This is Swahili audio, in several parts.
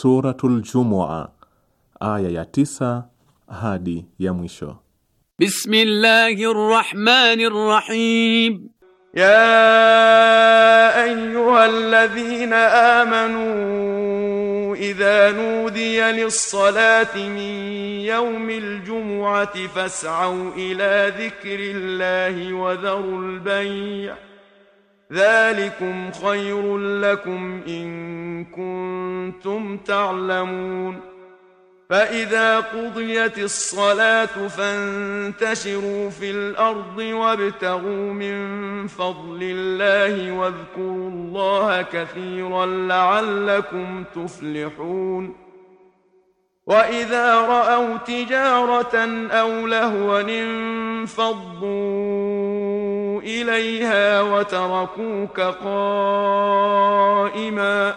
Suratul Jumua aya ya tisa hadi ya mwisho. Bismillahir Rahmanir Rahim. يا ايها الذين امنوا اذا نودي للصلاه من يوم الجمعه فاسعوا الى ذكر الله وذروا البيع ذلكم خير لكم إن كنتم تعلمون فإذا قضيت الصلاة فانتشروا في الأرض وابتغوا من فضل الله واذكروا الله كثيرا لعلكم تفلحون وإذا رأوا تجارة أو لهوا انفضوا إليها وتركوك قائما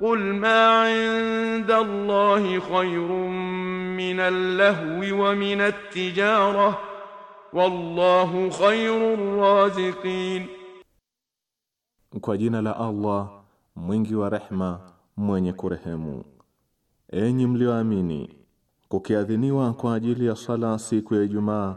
قل ما عند الله خير من اللهو ومن التجارة والله خير الرازقين Kwa jina la Allah mwingi wa rehma mwenye kurehemu. Enyi mlioamini, kukiadhiniwa kwa ajili ya sala siku ya Ijumaa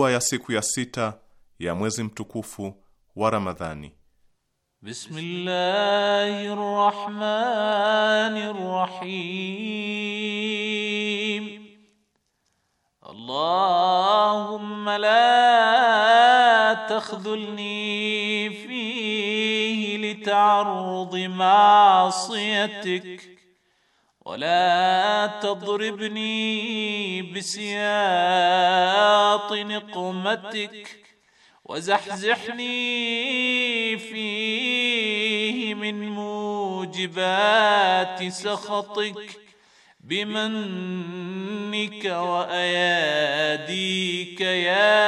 dua ya siku ya sita ya mwezi mtukufu wa Ramadhani. Bismillahir Rahmanir Rahim. Allahumma la takhdhulni fihi litarudi ma'siyatik ولا تضربني بسياط نقمتك وزحزحني فيه من موجبات سخطك بمنك واياديك يا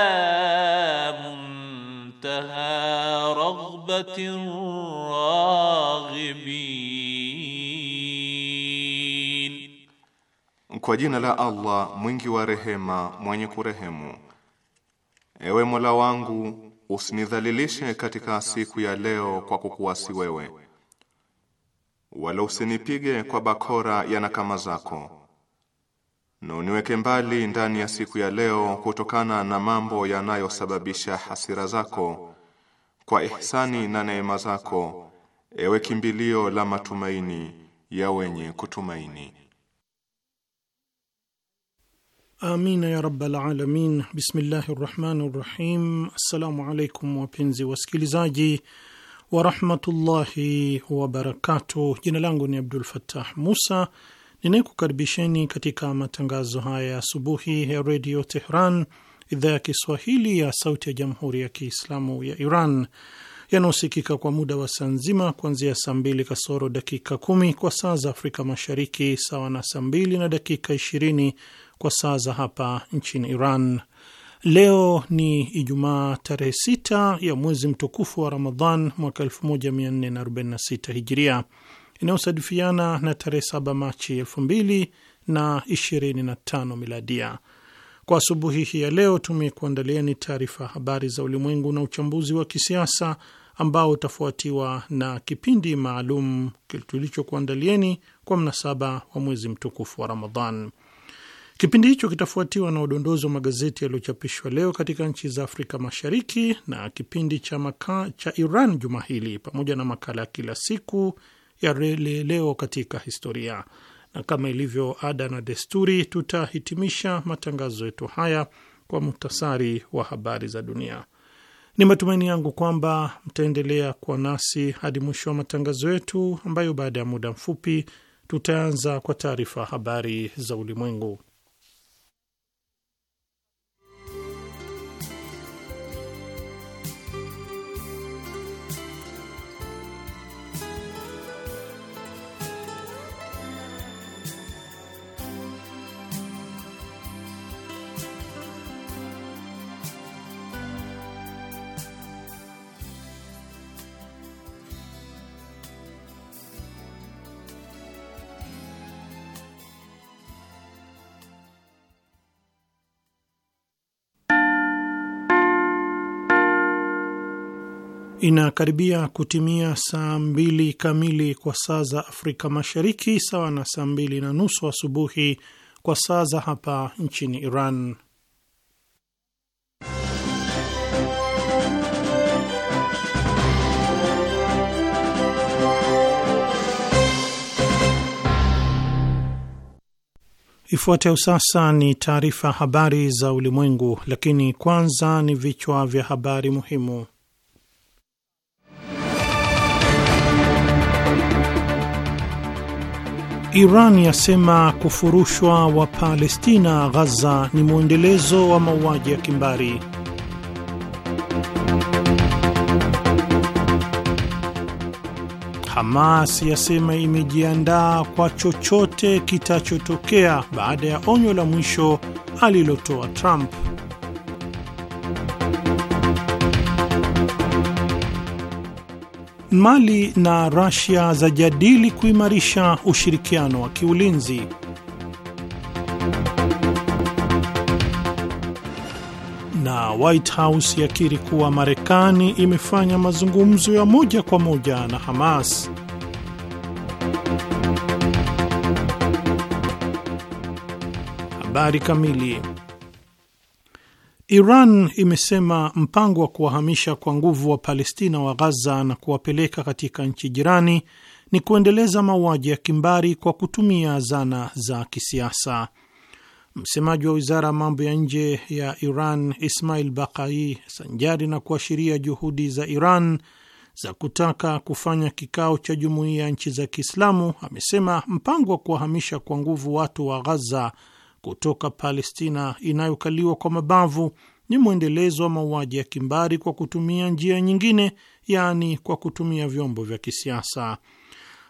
منتهى رغبه الراغبين Kwa jina la Allah mwingi wa rehema mwenye kurehemu. Ewe Mola wangu usinidhalilishe katika siku ya leo kwa kukuasi wewe, wala usinipige kwa bakora ya nakama zako, na uniweke mbali ndani ya siku ya leo kutokana na mambo yanayosababisha hasira zako, kwa ihsani na neema zako, ewe kimbilio la matumaini ya wenye kutumaini. Amina ya rabbal alamin. Bismillahi rahmani rahim. Assalamu alaikum wapenzi wasikilizaji warahmatullahi wabarakatuh. Jina langu ni Abdul Fattah Musa ninayekukaribisheni katika matangazo haya ya asubuhi ya Redio Tehran, idhaa ya Kiswahili ya sauti ya jamhuri ya Kiislamu ya Iran yanaosikika kwa muda wa saa nzima kuanzia saa mbili kasoro dakika kumi kwa saa za Afrika Mashariki, sawa na saa mbili na dakika ishirini kwa saa za hapa nchini Iran. Leo ni Ijumaa tarehe 6 ya mwezi mtukufu wa Ramadhan mwaka 1446 Hijiria, inayosadifiana na tarehe 7 Machi 2025 Miladia. Kwa asubuhi hii ya leo tumekuandalieni taarifa habari za ulimwengu na uchambuzi wa kisiasa ambao utafuatiwa na kipindi maalum tulichokuandalieni kwa mnasaba wa mwezi mtukufu wa Ramadhan. Kipindi hicho kitafuatiwa na udondozi wa magazeti yaliyochapishwa leo katika nchi za Afrika Mashariki na kipindi cha maka cha Iran juma hili pamoja na makala ya kila siku ya Rele leo katika historia, na kama ilivyo ada na desturi, tutahitimisha matangazo yetu haya kwa muhtasari wa habari za dunia. Ni matumaini yangu kwamba mtaendelea kuwa nasi hadi mwisho wa matangazo yetu, ambayo baada ya muda mfupi tutaanza kwa taarifa habari za ulimwengu. Inakaribia kutimia saa mbili kamili kwa saa za Afrika Mashariki, sawa na saa mbili na nusu asubuhi kwa saa za hapa nchini Iran. Ifuatayo sasa ni taarifa habari za ulimwengu, lakini kwanza ni vichwa vya habari muhimu. Iran yasema kufurushwa wa Palestina Ghaza ni mwendelezo wa mauaji ya kimbari. Hamas yasema imejiandaa kwa chochote kitachotokea baada ya onyo la mwisho alilotoa Trump. Mali na Russia zajadili kuimarisha ushirikiano wa kiulinzi. Na White House yakiri kuwa Marekani imefanya mazungumzo ya moja kwa moja na Hamas. Habari kamili Iran imesema mpango wa kuwahamisha kwa nguvu wa Palestina wa Ghaza na kuwapeleka katika nchi jirani ni kuendeleza mauaji ya kimbari kwa kutumia zana za kisiasa. Msemaji wa wizara ya mambo ya nje ya Iran Ismail Bakai, sanjari na kuashiria juhudi za Iran za kutaka kufanya kikao cha jumuiya ya nchi za Kiislamu, amesema mpango wa kuwahamisha kwa nguvu watu wa Ghaza kutoka Palestina inayokaliwa kwa mabavu ni mwendelezo wa mauaji ya kimbari kwa kutumia njia nyingine, yaani kwa kutumia vyombo vya kisiasa.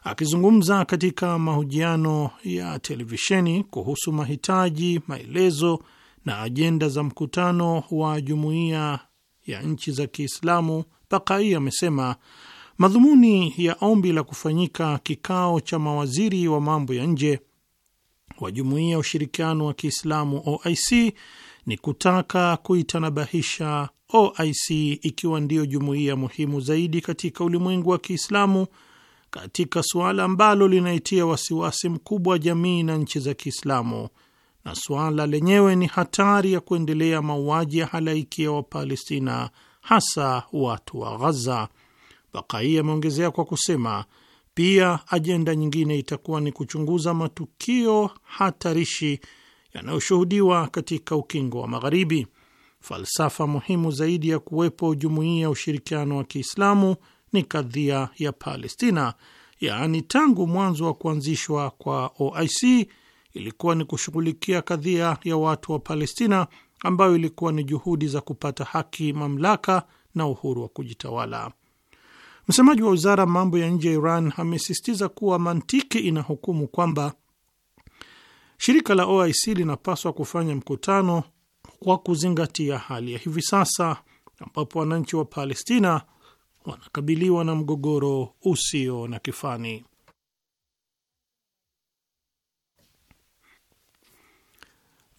Akizungumza katika mahojiano ya televisheni kuhusu mahitaji, maelezo na ajenda za mkutano wa jumuiya ya nchi za Kiislamu, Bakai amesema madhumuni ya ombi la kufanyika kikao cha mawaziri wa mambo ya nje wa Jumuiya ya Ushirikiano wa Kiislamu OIC ni kutaka kuitanabahisha OIC ikiwa ndiyo jumuiya muhimu zaidi katika ulimwengu wa Kiislamu katika suala ambalo linaitia wasiwasi mkubwa jamii na nchi za Kiislamu, na suala lenyewe ni hatari ya kuendelea mauaji ya halaiki ya Wapalestina, hasa watu wa Ghaza. Bakai ameongezea kwa kusema pia ajenda nyingine itakuwa ni kuchunguza matukio hatarishi yanayoshuhudiwa katika ukingo wa Magharibi, falsafa muhimu zaidi ya kuwepo jumuiya ya ushirikiano wa Kiislamu ni kadhia ya Palestina, yaani tangu mwanzo wa kuanzishwa kwa OIC ilikuwa ni kushughulikia kadhia ya watu wa Palestina, ambayo ilikuwa ni juhudi za kupata haki, mamlaka na uhuru wa kujitawala. Msemaji wa wizara mambo ya nje ya Iran amesisitiza kuwa mantiki inahukumu kwamba shirika la OIC linapaswa kufanya mkutano kwa kuzingatia hali ya hivi sasa ambapo wananchi wa Palestina wanakabiliwa na mgogoro usio na kifani.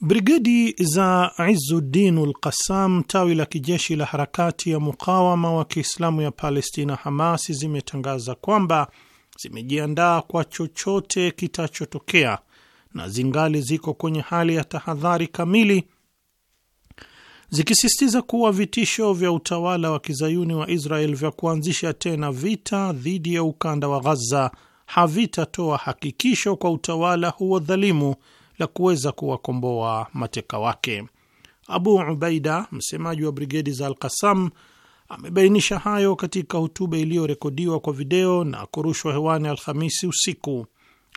Brigedi za Izuddin Ulqassam, tawi la kijeshi la harakati ya mukawama wa Kiislamu ya Palestina, Hamas, zimetangaza kwamba zimejiandaa kwa chochote kitachotokea na zingali ziko kwenye hali ya tahadhari kamili, zikisisitiza kuwa vitisho vya utawala wa kizayuni wa Israel vya kuanzisha tena vita dhidi ya ukanda wa Ghaza havitatoa hakikisho kwa utawala huo dhalimu la kuweza kuwakomboa mateka wake. Abu Ubaida, msemaji wa brigedi za al kasam amebainisha hayo katika hotuba iliyorekodiwa kwa video na kurushwa hewani Alhamisi usiku,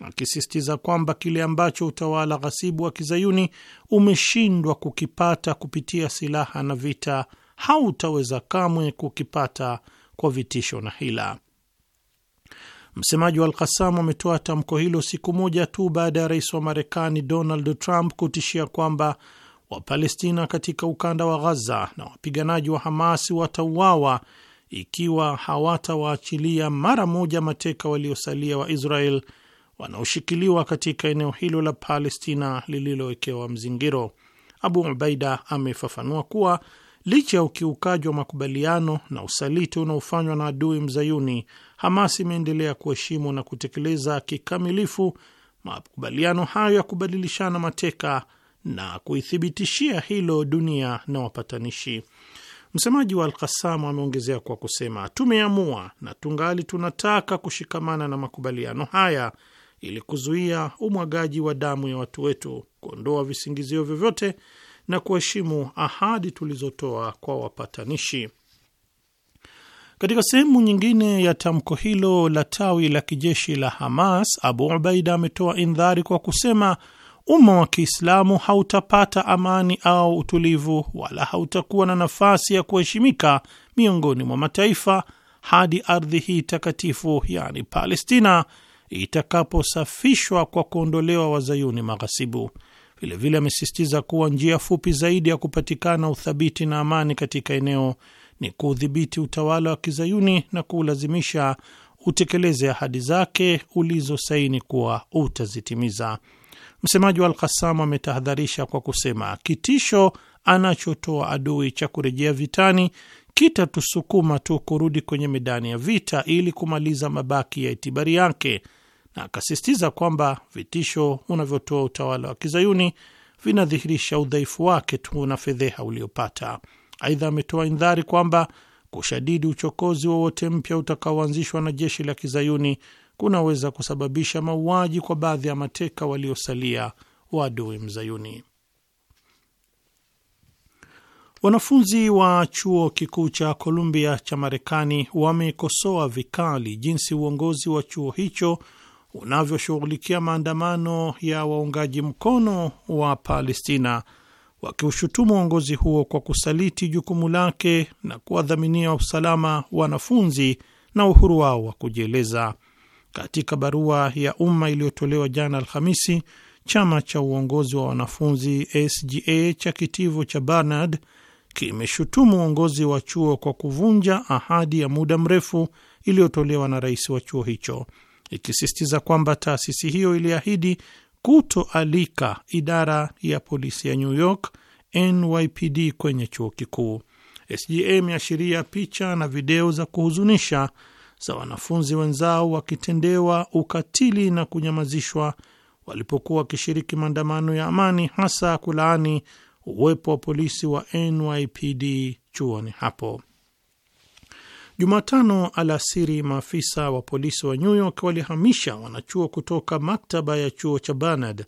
akisisitiza kwamba kile ambacho utawala ghasibu wa kizayuni umeshindwa kukipata kupitia silaha na vita hautaweza kamwe kukipata kwa vitisho na hila. Msemaji wa Alkasam ametoa tamko hilo siku moja tu baada ya rais wa Marekani Donald Trump kutishia kwamba Wapalestina katika ukanda wa Ghaza na wapiganaji wa Hamas watauawa ikiwa hawatawaachilia mara moja mateka waliosalia wa Israel wanaoshikiliwa katika eneo hilo la Palestina lililowekewa mzingiro. Abu Ubaida amefafanua kuwa licha ya ukiukaji wa makubaliano na usaliti unaofanywa na adui mzayuni Hamas imeendelea kuheshimu na kutekeleza kikamilifu makubaliano hayo ya kubadilishana mateka na kuithibitishia hilo dunia na wapatanishi. Msemaji wa Alkasamu ameongezea kwa kusema, tumeamua na tungali tunataka kushikamana na makubaliano haya ili kuzuia umwagaji wa damu ya watu wetu, kuondoa visingizio vyovyote na kuheshimu ahadi tulizotoa kwa wapatanishi. Katika sehemu nyingine ya tamko hilo la tawi la kijeshi la Hamas, Abu Ubaida ametoa indhari kwa kusema umma wa Kiislamu hautapata amani au utulivu wala hautakuwa na nafasi ya kuheshimika miongoni mwa mataifa hadi ardhi hii takatifu, yani Palestina, itakaposafishwa kwa kuondolewa wazayuni maghasibu. Vilevile amesisitiza kuwa njia fupi zaidi ya kupatikana uthabiti na amani katika eneo ni kuudhibiti utawala wa kizayuni na kuulazimisha utekeleze ahadi zake ulizosaini kuwa utazitimiza. Msemaji wa alkasamu ametahadharisha kwa kusema, kitisho anachotoa adui cha kurejea vitani kitatusukuma tu kurudi kwenye medani ya vita ili kumaliza mabaki ya itibari yake, na akasisitiza kwamba vitisho unavyotoa utawala wa kizayuni vinadhihirisha udhaifu wake tu na fedheha uliopata. Aidha, ametoa indhari kwamba kushadidi uchokozi wowote mpya utakaoanzishwa na jeshi la kizayuni kunaweza kusababisha mauaji kwa baadhi ya mateka waliosalia wa adui mzayuni. Wanafunzi wa chuo kikuu cha Columbia cha Marekani wamekosoa vikali jinsi uongozi wa chuo hicho unavyoshughulikia maandamano ya waungaji mkono wa Palestina wakiushutumu uongozi huo kwa kusaliti jukumu lake na kuwadhaminia usalama wanafunzi na uhuru wao wa kujieleza. Katika barua ya umma iliyotolewa jana Alhamisi, chama cha uongozi wa wanafunzi SGA cha kitivo cha Barnard kimeshutumu uongozi wa chuo kwa kuvunja ahadi ya muda mrefu iliyotolewa na rais wa chuo hicho, ikisisitiza kwamba taasisi hiyo iliahidi kutoalika idara ya polisi ya New York NYPD kwenye chuo kikuu. sga imeashiria picha na video za kuhuzunisha za wanafunzi wenzao wakitendewa ukatili na kunyamazishwa walipokuwa wakishiriki maandamano ya amani, hasa kulaani uwepo wa polisi wa NYPD chuoni hapo. Jumatano alasiri, maafisa wa polisi wa New York walihamisha wanachuo kutoka maktaba ya chuo cha Barnard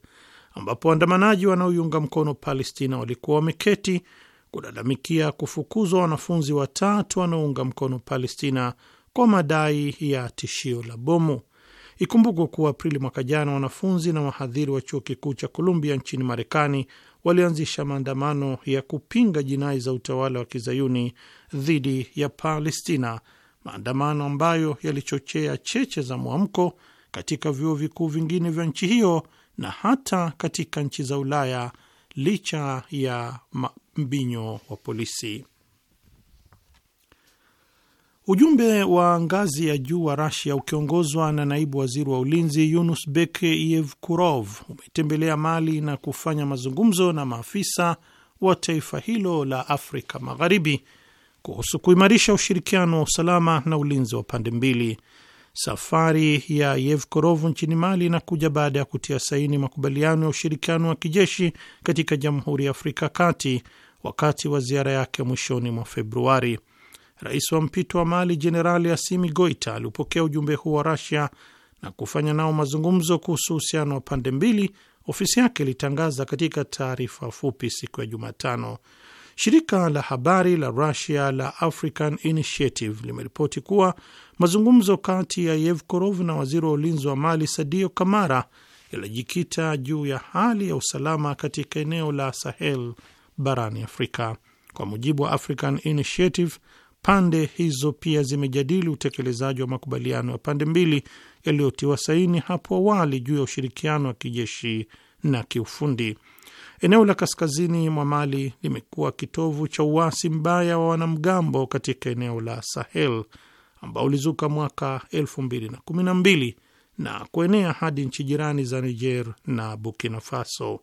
ambapo waandamanaji wanaoiunga mkono Palestina walikuwa wameketi kulalamikia kufukuzwa wanafunzi watatu wanaounga mkono Palestina kwa madai ya tishio la bomu. Ikumbukwe kuwa Aprili mwaka jana wanafunzi na wahadhiri wa chuo kikuu cha Columbia nchini Marekani walianzisha maandamano ya kupinga jinai za utawala wa kizayuni dhidi ya Palestina, maandamano ambayo yalichochea cheche za mwamko katika vyuo vikuu vingine vya nchi hiyo na hata katika nchi za Ulaya licha ya mbinyo wa polisi. Ujumbe wa ngazi ya juu wa Rasia ukiongozwa na naibu waziri wa ulinzi Yunus Bek Yevkurov umetembelea Mali na kufanya mazungumzo na maafisa wa taifa hilo la Afrika Magharibi kuhusu kuimarisha ushirikiano wa usalama na ulinzi wa pande mbili. Safari ya Yevkurov nchini Mali inakuja baada ya kutia saini makubaliano ya ushirikiano wa kijeshi katika Jamhuri ya Afrika Kati wakati wa ziara yake mwishoni mwa Februari. Rais wa mpito wa Mali Jenerali Asimi Goita aliupokea ujumbe huu wa Rasia na kufanya nao mazungumzo kuhusu uhusiano wa pande mbili, ofisi yake ilitangaza katika taarifa fupi siku ya Jumatano. Shirika la habari la rusia la African Initiative limeripoti kuwa mazungumzo kati ya Yevkorov na waziri wa ulinzi wa Mali Sadio Kamara yalijikita juu ya hali ya usalama katika eneo la Sahel barani Afrika. Kwa mujibu wa African Initiative, Pande hizo pia zimejadili utekelezaji wa makubaliano ya pande mbili yaliyotiwa saini hapo awali juu ya ushirikiano wa kijeshi na kiufundi. Eneo la kaskazini mwa Mali limekuwa kitovu cha uasi mbaya wa wanamgambo katika eneo la Sahel ambao ulizuka mwaka 2012 na kuenea hadi nchi jirani za Niger na Burkina Faso.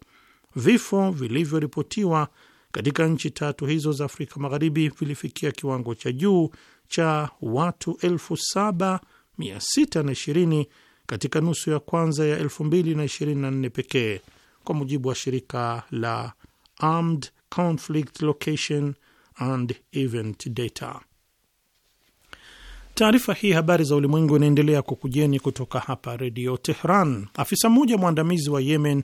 Vifo vilivyoripotiwa katika nchi tatu hizo za Afrika Magharibi vilifikia kiwango cha juu cha watu 7620 katika nusu ya kwanza ya 2024 pekee, kwa mujibu wa shirika la Armed Conflict Location and Event Data. Taarifa hii habari za ulimwengu inaendelea kukujeni kutoka hapa Redio Tehran. Afisa mmoja mwandamizi wa Yemen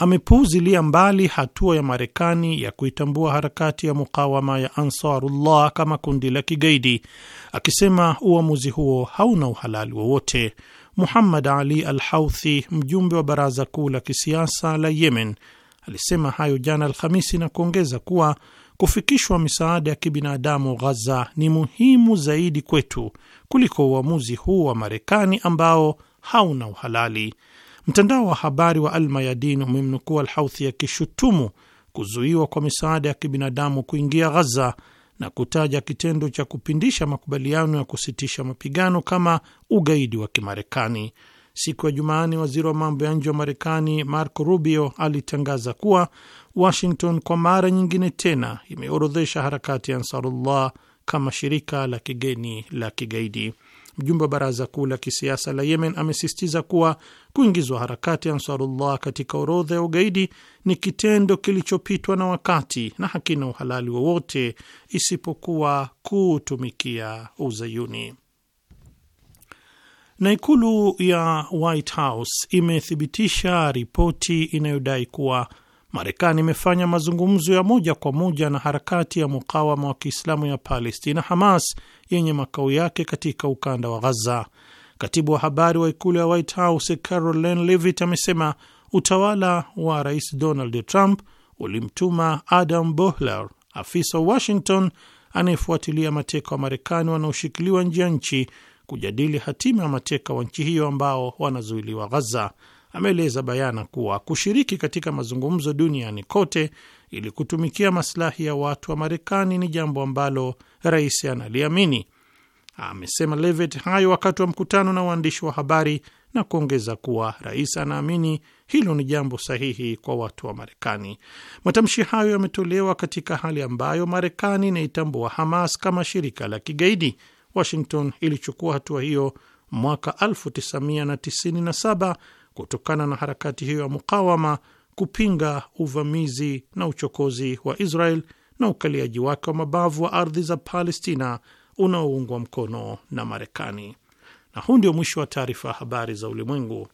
amepuuzilia mbali hatua ya Marekani ya kuitambua harakati ya mukawama ya Ansarullah kama kundi la kigaidi, akisema uamuzi huo hauna uhalali wowote. Muhammad Ali al Houthi, mjumbe wa baraza kuu la kisiasa la Yemen, alisema hayo jana Alhamisi na kuongeza kuwa kufikishwa misaada ya kibinadamu Ghaza ni muhimu zaidi kwetu kuliko uamuzi huu wa Marekani ambao hauna uhalali. Mtandao wa habari wa Almayadin umemnukuu Alhauthi akishutumu kuzuiwa kwa misaada ya kibinadamu kuingia Ghaza na kutaja kitendo cha kupindisha makubaliano ya kusitisha mapigano kama ugaidi wa Kimarekani. Siku ya Jumanne, waziri wa mambo ya nje wa Marekani Marco Rubio alitangaza kuwa Washington kwa mara nyingine tena imeorodhesha harakati ya Ansarullah kama shirika la kigeni la kigaidi. Mjumbe wa baraza kuu la kisiasa la Yemen amesisitiza kuwa kuingizwa harakati ya Ansarullah katika orodha ya ugaidi ni kitendo kilichopitwa na wakati na hakina uhalali wowote isipokuwa kuutumikia Uzayuni. Na ikulu ya White House imethibitisha ripoti inayodai kuwa Marekani imefanya mazungumzo ya moja kwa moja na harakati ya mukawama wa Kiislamu ya Palestina, Hamas, yenye makao yake katika ukanda wa Ghaza. Katibu wa habari wa ikulu ya White House Caroline Levitt amesema utawala wa Rais Donald Trump ulimtuma Adam Bohler, afisa wa Washington anayefuatilia mateka wa Marekani wanaoshikiliwa nje ya nchi kujadili hatima ya mateka wa nchi hiyo ambao wanazuiliwa Ghaza. Ameeleza bayana kuwa kushiriki katika mazungumzo duniani kote ili kutumikia masilahi ya watu wa Marekani ni jambo ambalo rais analiamini, amesema Levet hayo wakati wa mkutano na waandishi wa habari na kuongeza kuwa rais anaamini hilo ni jambo sahihi kwa watu wa Marekani. Matamshi hayo yametolewa katika hali ambayo Marekani inaitambua Hamas kama shirika la kigaidi. Washington ilichukua hatua hiyo mwaka 1997 kutokana na harakati hiyo ya mukawama kupinga uvamizi na uchokozi wa Israel na ukaliaji wake wa mabavu wa ardhi za Palestina unaoungwa mkono na Marekani. Na huu ndio mwisho wa taarifa ya habari za ulimwengu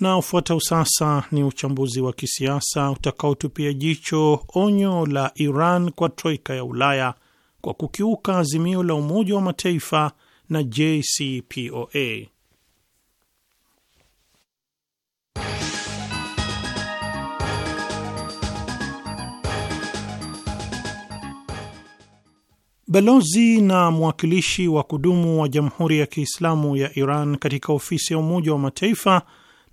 Na ufuatao sasa ni uchambuzi wa kisiasa utakaotupia jicho onyo la Iran kwa troika ya Ulaya kwa kukiuka azimio la Umoja wa Mataifa na JCPOA. Balozi na mwakilishi wa kudumu wa Jamhuri ya Kiislamu ya Iran katika ofisi ya Umoja wa Mataifa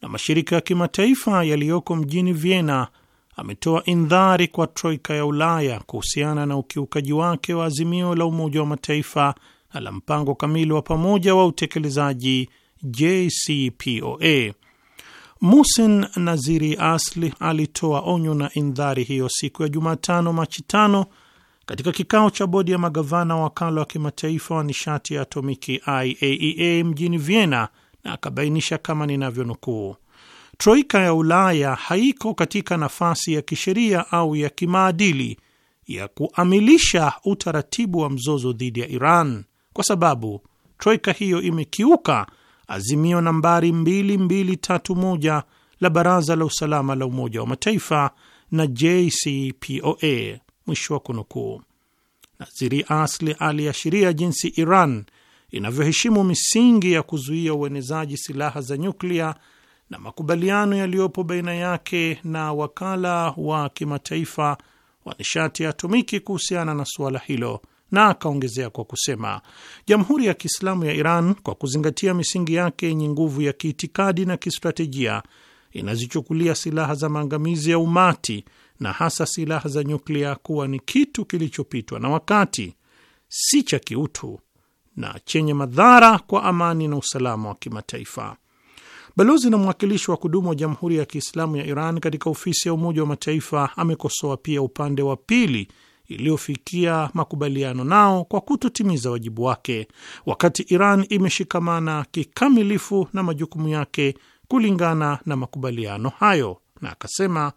na mashirika ya kimataifa yaliyoko mjini Vienna ametoa indhari kwa troika ya Ulaya kuhusiana na ukiukaji wake wa azimio la Umoja wa Mataifa na la mpango kamili wa pamoja wa utekelezaji JCPOA. Musen Naziri Asli alitoa onyo na indhari hiyo siku ya Jumatano, Machi tano, katika kikao cha bodi ya magavana wakala wa kimataifa wa nishati ya atomiki IAEA e mjini Vienna na akabainisha kama ninavyonukuu, troika ya Ulaya haiko katika nafasi ya kisheria au ya kimaadili ya kuamilisha utaratibu wa mzozo dhidi ya Iran kwa sababu troika hiyo imekiuka azimio nambari 2231 la Baraza la Usalama la Umoja wa Mataifa na JCPOA. Mwisho wa kunukuu. Naziri Asli aliashiria jinsi Iran inavyoheshimu misingi ya kuzuia uenezaji silaha za nyuklia na makubaliano yaliyopo baina yake na wakala wa kimataifa wa nishati ya atomiki kuhusiana na suala hilo, na akaongezea kwa kusema, Jamhuri ya Kiislamu ya Iran kwa kuzingatia misingi yake yenye nguvu ya kiitikadi na kistratejia inazichukulia silaha za maangamizi ya umati na hasa silaha za nyuklia kuwa ni kitu kilichopitwa na wakati, si cha kiutu na chenye madhara kwa amani na usalama wa kimataifa. Balozi na mwakilishi wa kudumu wa Jamhuri ya Kiislamu ya Iran katika ofisi ya Umoja wa Mataifa amekosoa pia upande wa pili iliyofikia makubaliano nao kwa kutotimiza wajibu wake, wakati Iran imeshikamana kikamilifu na majukumu yake kulingana na makubaliano hayo, na akasema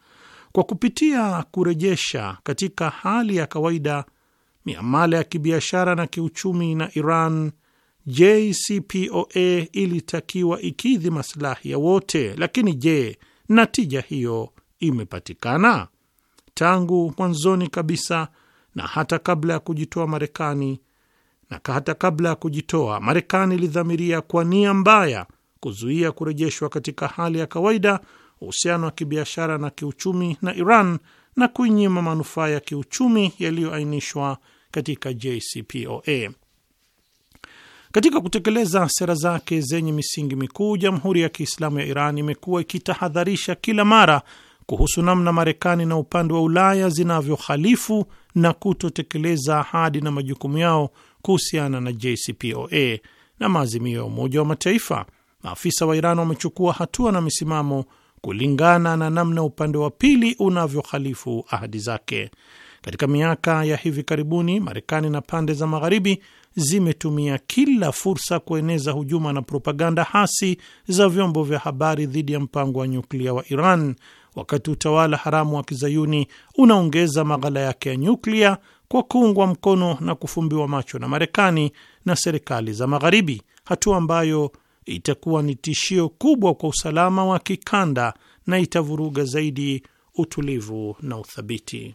kwa kupitia kurejesha katika hali ya kawaida miamala ya kibiashara na kiuchumi na Iran, JCPOA ilitakiwa ikidhi maslahi ya wote, lakini je, natija hiyo imepatikana? Tangu mwanzoni kabisa na hata kabla ya kujitoa Marekani na hata kabla ya kujitoa Marekani ilidhamiria kwa nia mbaya kuzuia kurejeshwa katika hali ya kawaida uhusiano wa kibiashara na kiuchumi na Iran na kuinyima manufaa ya kiuchumi yaliyoainishwa katika JCPOA. Katika kutekeleza sera zake zenye misingi mikuu, Jamhuri ya Kiislamu ya Iran imekuwa ikitahadharisha kila mara kuhusu namna Marekani na upande wa Ulaya zinavyohalifu na kutotekeleza ahadi na majukumu yao kuhusiana na JCPOA na maazimio ya Umoja wa Mataifa. Maafisa wa Iran wamechukua hatua na misimamo kulingana na namna upande wa pili unavyohalifu ahadi zake. Katika miaka ya hivi karibuni, Marekani na pande za Magharibi zimetumia kila fursa kueneza hujuma na propaganda hasi za vyombo vya habari dhidi ya mpango wa nyuklia wa Iran, wakati utawala haramu wa kizayuni unaongeza maghala yake ya nyuklia kwa kuungwa mkono na kufumbiwa macho na Marekani na serikali za Magharibi, hatua ambayo itakuwa ni tishio kubwa kwa usalama wa kikanda na itavuruga zaidi utulivu na uthabiti.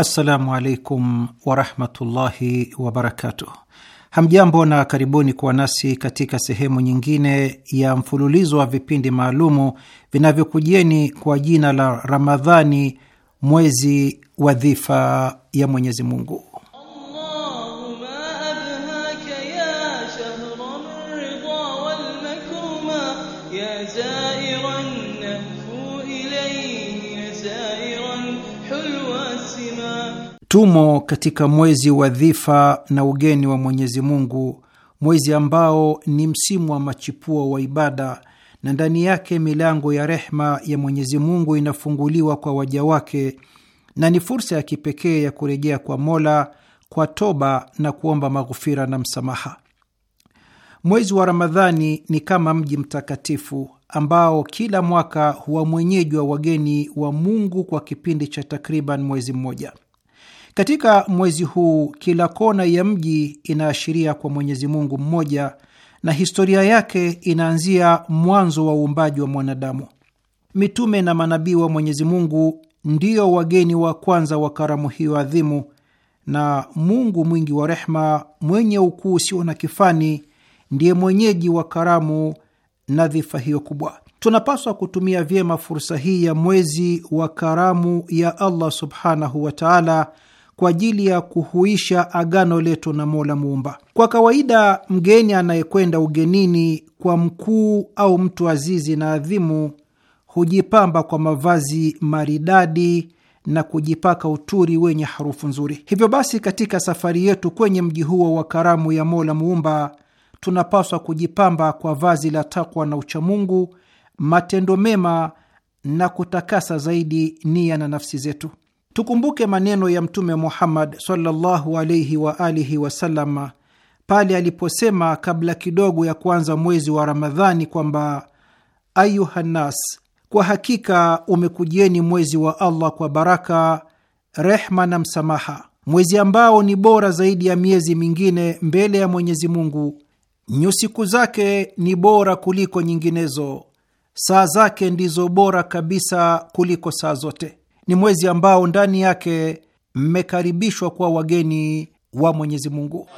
Assalamu alaikum warahmatullahi wabarakatuh. Hamjambo na karibuni kuwa nasi katika sehemu nyingine ya mfululizo wa vipindi maalumu vinavyokujieni kwa jina la Ramadhani, mwezi wa dhifa ya Mwenyezi Mungu. Tumo katika mwezi wa dhifa na ugeni wa Mwenyezi Mungu, mwezi ambao ni msimu wa machipuo wa ibada, na ndani yake milango ya rehma ya Mwenyezi Mungu inafunguliwa kwa waja wake, na ni fursa ya kipekee ya kurejea kwa Mola kwa toba na kuomba maghufira na msamaha. Mwezi wa Ramadhani ni kama mji mtakatifu ambao kila mwaka huwa mwenyeji wa wageni wa Mungu kwa kipindi cha takriban mwezi mmoja. Katika mwezi huu kila kona ya mji inaashiria kwa Mwenyezi Mungu mmoja na historia yake inaanzia mwanzo wa uumbaji wa mwanadamu. Mitume na manabii wa Mwenyezi Mungu ndiyo wageni wa kwanza wa karamu hiyo adhimu, na Mungu mwingi wa rehma mwenye ukuu usio na kifani, ndiye mwenyeji wa karamu na dhifa kubwa. Tunapaswa kutumia vyema fursa hii ya mwezi wa karamu ya Allah subhanahu wa taala kwa ajili ya kuhuisha agano letu na Mola Muumba. Kwa kawaida, mgeni anayekwenda ugenini kwa mkuu au mtu azizi na adhimu hujipamba kwa mavazi maridadi na kujipaka uturi wenye harufu nzuri. Hivyo basi, katika safari yetu kwenye mji huo wa karamu ya Mola Muumba tunapaswa kujipamba kwa vazi la takwa na uchamungu, matendo mema na kutakasa zaidi nia na nafsi zetu. Tukumbuke maneno ya Mtume Muhammad sallallahu alaihi wa alihi wasallam pale aliposema kabla kidogo ya kuanza mwezi wa Ramadhani kwamba nas, kwa hakika umekujieni mwezi wa Allah kwa baraka, rehma na msamaha, mwezi ambao ni bora zaidi ya miezi mingine mbele ya Mwenyezi Mungu Nyusiku zake ni bora kuliko nyinginezo, saa zake ndizo bora kabisa kuliko saa zote. Ni mwezi ambao ndani yake mmekaribishwa kwa wageni wa Mwenyezi Mungu.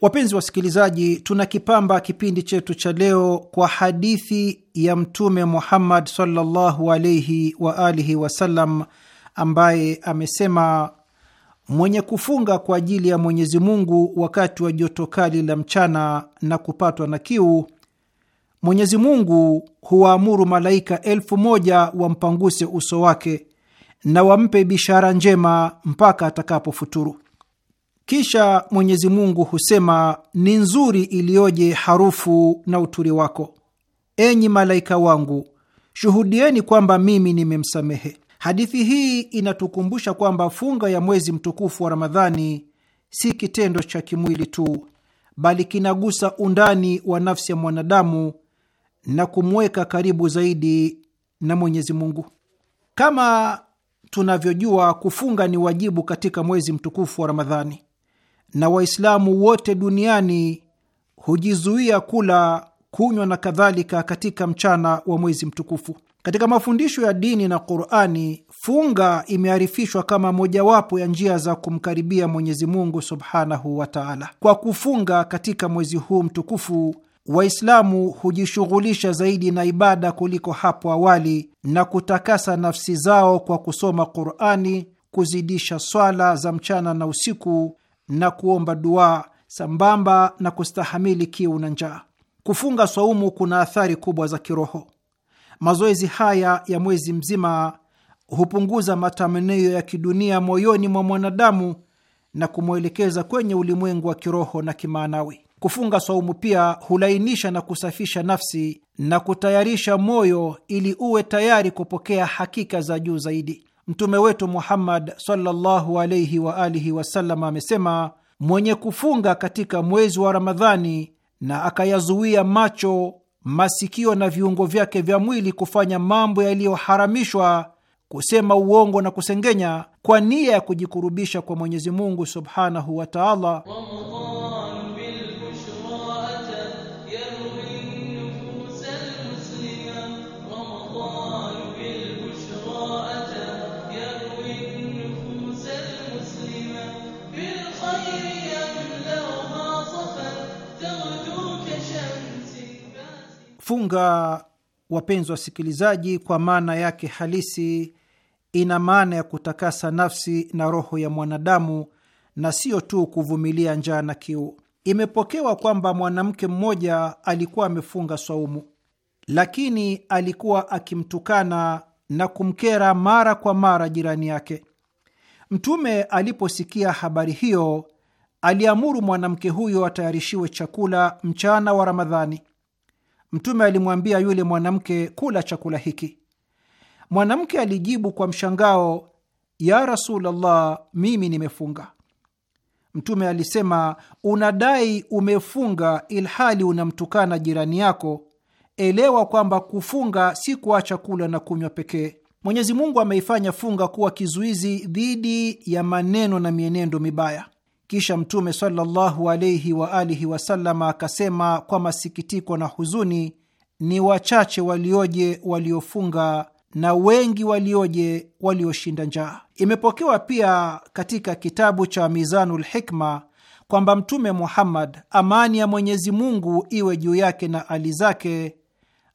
Wapenzi wasikilizaji, tunakipamba kipindi chetu cha leo kwa hadithi ya Mtume Muhammad sallallahu alaihi wa alihi wasallam, ambaye amesema, mwenye kufunga kwa ajili ya Mwenyezi Mungu wakati wa joto kali la mchana na kupatwa na kiu, Mwenyezi Mungu huwaamuru malaika elfu moja wampanguse uso wake na wampe bishara njema mpaka atakapofuturu. Kisha Mwenyezi Mungu husema, ni nzuri iliyoje harufu na uturi wako. Enyi malaika wangu, shuhudieni kwamba mimi nimemsamehe. Hadithi hii inatukumbusha kwamba funga ya mwezi mtukufu wa Ramadhani si kitendo cha kimwili tu, bali kinagusa undani wa nafsi ya mwanadamu na kumweka karibu zaidi na Mwenyezi Mungu. Kama tunavyojua kufunga ni wajibu katika mwezi mtukufu wa Ramadhani, na Waislamu wote duniani hujizuia kula, kunywa na kadhalika katika mchana wa mwezi mtukufu. Katika mafundisho ya dini na Qurani, funga imearifishwa kama mojawapo ya njia za kumkaribia Mwenyezi Mungu subhanahu wa taala. Kwa kufunga katika mwezi huu mtukufu Waislamu hujishughulisha zaidi na ibada kuliko hapo awali na kutakasa nafsi zao kwa kusoma Qurani, kuzidisha swala za mchana na usiku na kuomba dua sambamba na kustahamili kiu na njaa. Kufunga swaumu kuna athari kubwa za kiroho. Mazoezi haya ya mwezi mzima hupunguza matamanio ya kidunia moyoni mwa mwanadamu na kumwelekeza kwenye ulimwengu wa kiroho na kimaanawi. Kufunga saumu pia hulainisha na kusafisha nafsi na kutayarisha moyo ili uwe tayari kupokea hakika za juu zaidi. Mtume wetu Muhammad sallallahu wa alihi wasallam amesema, mwenye kufunga katika mwezi wa Ramadhani na akayazuia macho, masikio na viungo vyake vya mwili kufanya mambo yaliyoharamishwa, kusema uongo na kusengenya, kwa nia ya kujikurubisha kwa Mwenyezi Mungu subhanahu wa taala Funga, wapenzi wasikilizaji, kwa maana yake halisi ina maana ya kutakasa nafsi na roho ya mwanadamu na siyo tu kuvumilia njaa na kiu. Imepokewa kwamba mwanamke mmoja alikuwa amefunga swaumu, lakini alikuwa akimtukana na kumkera mara kwa mara jirani yake. Mtume aliposikia habari hiyo, aliamuru mwanamke huyo atayarishiwe chakula mchana wa Ramadhani. Mtume alimwambia yule mwanamke, kula chakula hiki. Mwanamke alijibu kwa mshangao, ya Rasulullah, mimi nimefunga. Mtume alisema, unadai umefunga ilhali unamtukana jirani yako. Elewa kwamba kufunga si kuacha kula na kunywa pekee. Mwenyezi Mungu ameifanya funga kuwa kizuizi dhidi ya maneno na mienendo mibaya. Kisha Mtume sallallahu alaihi wa alihi akasema kwa masikitiko na huzuni, ni wachache walioje waliofunga na wengi walioje walioshinda njaa. Imepokewa pia katika kitabu cha Mizanul Hikma kwamba Mtume Muhammad, amani ya Mwenyezi Mungu iwe juu yake na ali zake,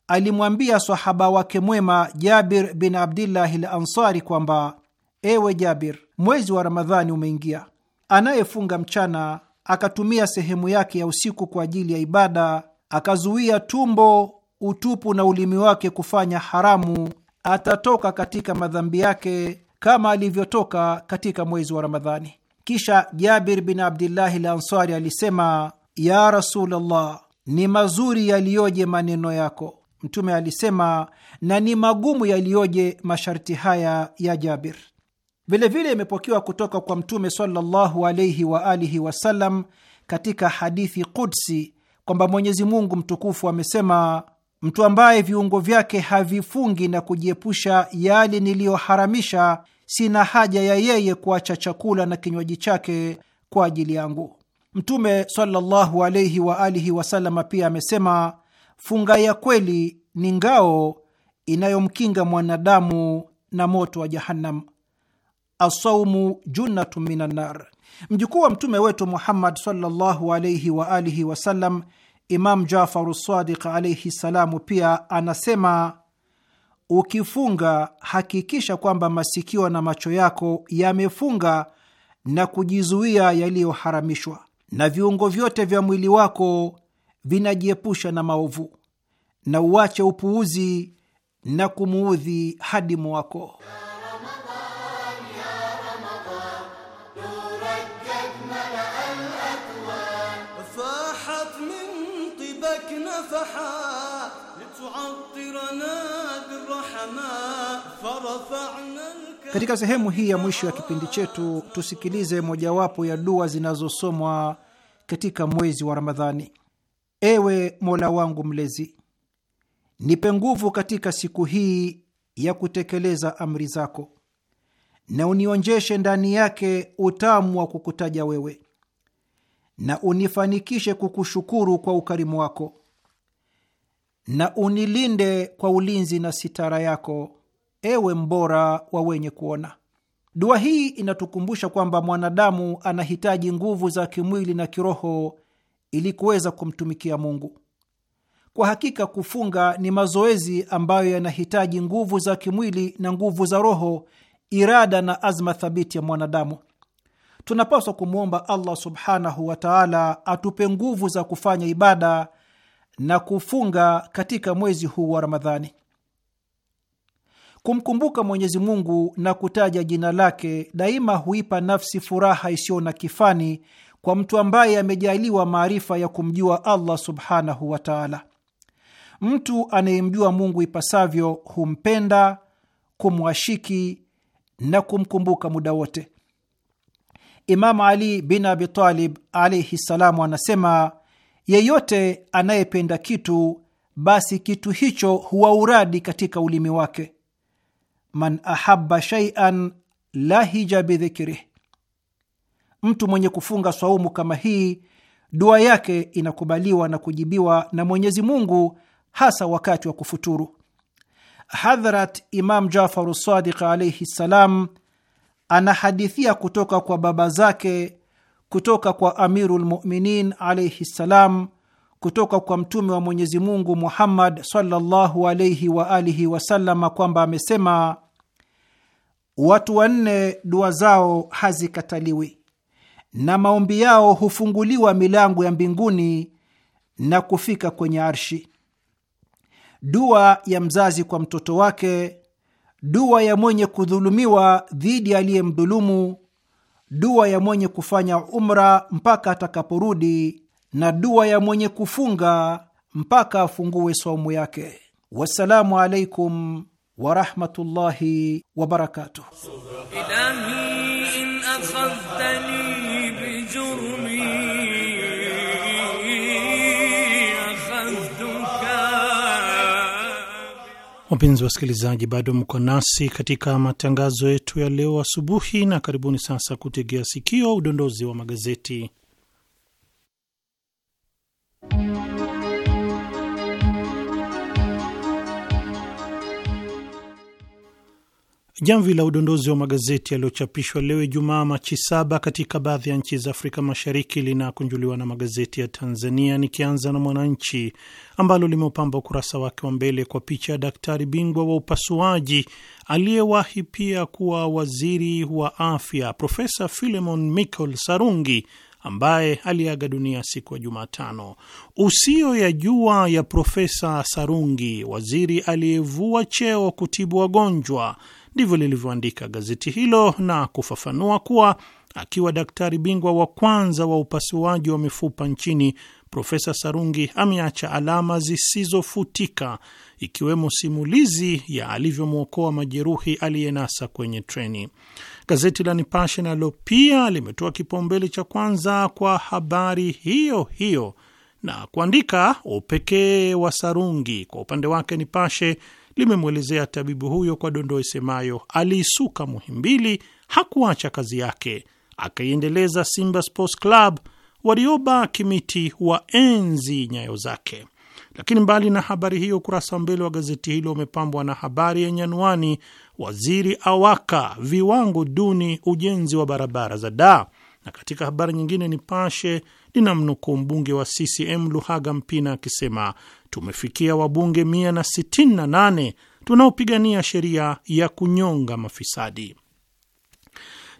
alimwambia sahaba wake mwema Jabir bin Abdillahi Lansari Ansari kwamba, ewe Jabir, mwezi wa Ramadhani umeingia anayefunga mchana akatumia sehemu yake ya usiku kwa ajili ya ibada, akazuia tumbo, utupu na ulimi wake kufanya haramu, atatoka katika madhambi yake kama alivyotoka katika mwezi wa Ramadhani. Kisha Jabir bin Abdillahi Lansari alisema, ya Rasulullah, ni mazuri yaliyoje maneno yako. Mtume alisema, na ni magumu yaliyoje masharti haya ya Jabir. Vilevile imepokewa kutoka kwa Mtume sallallahu alaihi wa alihi wasallam katika hadithi Kudsi kwamba Mwenyezi Mungu mtukufu amesema, mtu ambaye viungo vyake havifungi na kujiepusha yale niliyoharamisha, sina haja ya yeye kuacha chakula na kinywaji chake kwa ajili yangu. Mtume sallallahu alaihi wa alihi wasallam pia amesema, funga ya kweli ni ngao inayomkinga mwanadamu na moto wa Jahannam asaumu junnatun minan nar. Mjukuu wa mtume wetu Muhammad sallallahu alaihi wa alihi wasallam, Imam Jafaru Sadiq alaihi salamu, pia anasema ukifunga hakikisha kwamba masikio na macho yako yamefunga na kujizuia yaliyoharamishwa, na viungo vyote vya mwili wako vinajiepusha na maovu, na uache upuuzi na kumuudhi hadimu wako. Katika sehemu hii ya mwisho ya kipindi chetu, tusikilize mojawapo ya dua zinazosomwa katika mwezi wa Ramadhani. Ewe Mola wangu Mlezi, nipe nguvu katika siku hii ya kutekeleza amri zako, na unionjeshe ndani yake utamu wa kukutaja wewe, na unifanikishe kukushukuru kwa ukarimu wako, na unilinde kwa ulinzi na sitara yako ewe mbora wa wenye kuona. Dua hii inatukumbusha kwamba mwanadamu anahitaji nguvu za kimwili na kiroho ili kuweza kumtumikia Mungu. Kwa hakika kufunga ni mazoezi ambayo yanahitaji nguvu za kimwili na nguvu za roho, irada na azma thabiti ya mwanadamu. Tunapaswa kumwomba Allah subhanahu wa taala atupe nguvu za kufanya ibada na kufunga katika mwezi huu wa Ramadhani. Kumkumbuka Mwenyezi Mungu na kutaja jina lake daima huipa nafsi furaha isiyo na kifani kwa mtu ambaye amejaliwa maarifa ya kumjua Allah subhanahu wa taala. Mtu anayemjua Mungu ipasavyo humpenda, kumwashiki na kumkumbuka muda wote. Imamu Ali bin Abi Talib alaihi ssalamu anasema, yeyote anayependa kitu basi kitu hicho huwa uradi katika ulimi wake man ahaba shaian lahija bidhikrih, mtu mwenye kufunga swaumu kama hii dua yake inakubaliwa na kujibiwa na Mwenyezi Mungu, hasa wakati wa kufuturu. Hadhrat Imam Jafaru Sadiq alaihi ssalam anahadithia kutoka kwa baba zake, kutoka kwa Amirulmuminin alaihi ssalam kutoka kwa mtume wa Mwenyezi Mungu Muhammad sallallahu alaihi wa alihi wasallama kwamba amesema, watu wanne dua zao hazikataliwi na maombi yao hufunguliwa milango ya mbinguni na kufika kwenye arshi: dua ya mzazi kwa mtoto wake, dua ya mwenye kudhulumiwa dhidi aliyemdhulumu, dua ya mwenye kufanya umra mpaka atakaporudi na dua ya mwenye kufunga mpaka afungue saumu yake. Wassalamu alaikum warahmatullahi wabarakatuh. Wapenzi wasikilizaji, bado mko nasi katika matangazo yetu ya leo asubuhi, na karibuni sasa kutegea sikio udondozi wa magazeti Jamvi la udondozi wa magazeti yaliyochapishwa leo Ijumaa Machi saba katika baadhi ya nchi za Afrika Mashariki linakunjuliwa na magazeti ya Tanzania, nikianza na Mwananchi ambalo limeupamba ukurasa wake wa mbele kwa picha ya daktari bingwa wa upasuaji aliyewahi pia kuwa waziri wa afya Profesa Filemon Michael Sarungi ambaye aliaga dunia siku ya Jumatano. Usio ya jua ya Profesa Sarungi, waziri aliyevua cheo kutibu wagonjwa, ndivyo lilivyoandika gazeti hilo na kufafanua kuwa akiwa daktari bingwa wa kwanza wa upasuaji wa mifupa nchini, Profesa Sarungi ameacha alama zisizofutika ikiwemo simulizi ya alivyomwokoa majeruhi aliyenasa kwenye treni. Gazeti la Nipashe nalo pia limetoa kipaumbele cha kwanza kwa habari hiyo hiyo na kuandika upekee wa Sarungi. Kwa upande wake, Nipashe limemwelezea tabibu huyo kwa dondoo isemayo, aliisuka Muhimbili, hakuacha kazi yake, akaiendeleza Simba Sports Club, Warioba Kimiti wa enzi nyayo zake. Lakini mbali na habari hiyo, ukurasa wa mbele wa gazeti hilo umepambwa na habari yenye anwani waziri awaka viwango duni ujenzi wa barabara za da Na katika habari nyingine, Nipashe mnukuu mbunge wa CCM Luhaga Mpina akisema tumefikia wabunge 168 tunaopigania sheria ya kunyonga mafisadi.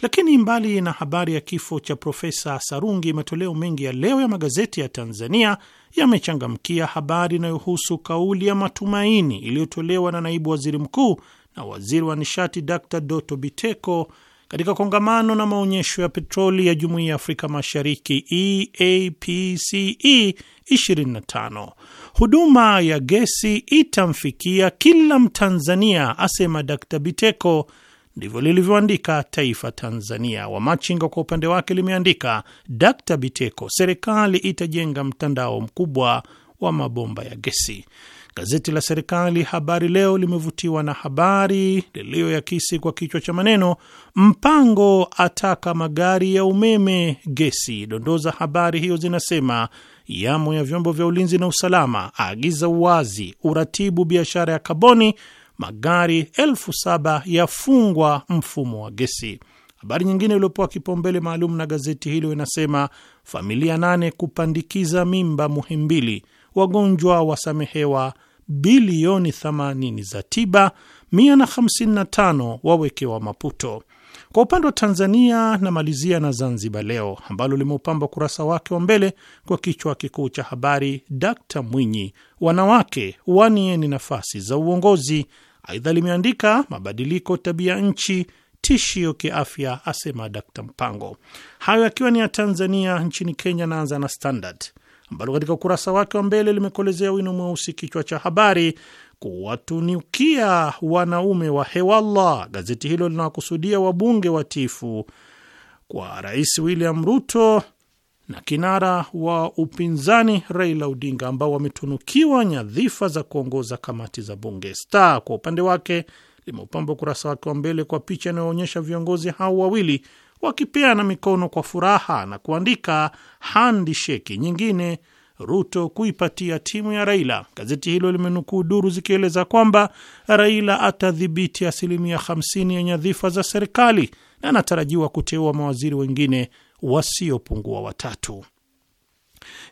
Lakini mbali na habari ya kifo cha Profesa Sarungi, matoleo mengi ya leo ya magazeti ya Tanzania yamechangamkia habari inayohusu kauli ya matumaini iliyotolewa na naibu waziri mkuu na waziri wa nishati Dr Doto Biteko katika kongamano na maonyesho ya petroli ya Jumuiya ya Afrika Mashariki EAPCE 25. E, Huduma ya gesi itamfikia kila Mtanzania, asema Dr Biteko. Ndivyo lilivyoandika Taifa Tanzania. Wamachinga kwa upande wake limeandika Dr Biteko, serikali itajenga mtandao mkubwa wa mabomba ya gesi. Gazeti la serikali Habari Leo limevutiwa na habari liliyoyakisi kwa kichwa cha maneno mpango ataka magari ya umeme gesi. Dondoo za habari hiyo zinasema yamo ya vyombo vya ulinzi na usalama aagiza uwazi uratibu biashara ya kaboni, magari elfu saba yafungwa mfumo wa gesi. Habari nyingine iliyopewa kipaumbele maalum na gazeti hilo inasema familia nane kupandikiza mimba Muhimbili wagonjwa wasamehewa bilioni 80 za tiba, 155 wawekewa maputo. Kwa upande wa Tanzania namalizia na Zanzibar Leo ambalo limeupamba ukurasa wake wa mbele kwa kichwa kikuu cha habari, d Mwinyi, wanawake wanieni nafasi za uongozi. Aidha limeandika mabadiliko tabia nchi tishio kiafya, asema d Mpango. Hayo akiwa ni ya Tanzania. Nchini Kenya naanza na Standard ambalo katika ukurasa wake wa mbele limekolezea wino mweusi kichwa cha habari kuwatunukia wanaume wa Hewallah. Gazeti hilo linawakusudia wabunge watifu kwa Rais William Ruto na kinara wa upinzani Raila Odinga ambao wametunukiwa nyadhifa za kuongoza kamati za bunge. Star kwa upande wake limeupamba ukurasa wake wa mbele kwa picha inayoonyesha viongozi hao wawili wakipeana mikono kwa furaha na kuandika handisheki nyingine Ruto kuipatia timu ya Raila. Gazeti hilo limenukuu duru zikieleza kwamba Raila atadhibiti asilimia 50 ya nyadhifa za serikali na anatarajiwa kuteua mawaziri wengine wasiopungua watatu.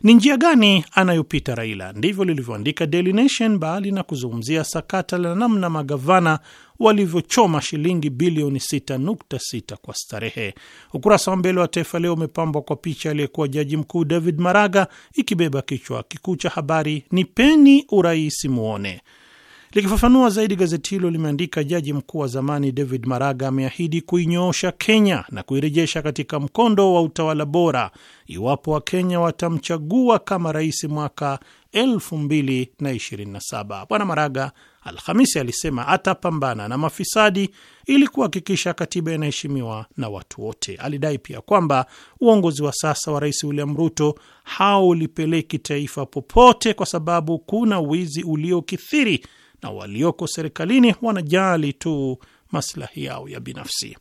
Ni njia gani anayopita Raila? Ndivyo lilivyoandika Daily Nation, bali na kuzungumzia sakata la namna magavana walivyochoma shilingi bilioni 6.6 kwa starehe. Ukurasa wa mbele wa Taifa Leo umepambwa kwa picha aliyekuwa jaji mkuu David Maraga ikibeba kichwa kikuu cha habari, ni peni urais muone. Likifafanua zaidi, gazeti hilo limeandika, jaji mkuu wa zamani David Maraga ameahidi kuinyoosha Kenya na kuirejesha katika mkondo wa utawala bora iwapo Wakenya watamchagua kama rais mwaka 2027. Bwana Maraga Alhamisi alisema atapambana na mafisadi ili kuhakikisha katiba inaheshimiwa na watu wote. Alidai pia kwamba uongozi wa sasa wa Rais William Ruto haulipeleki taifa popote, kwa sababu kuna wizi uliokithiri na walioko serikalini wanajali tu maslahi yao ya binafsi.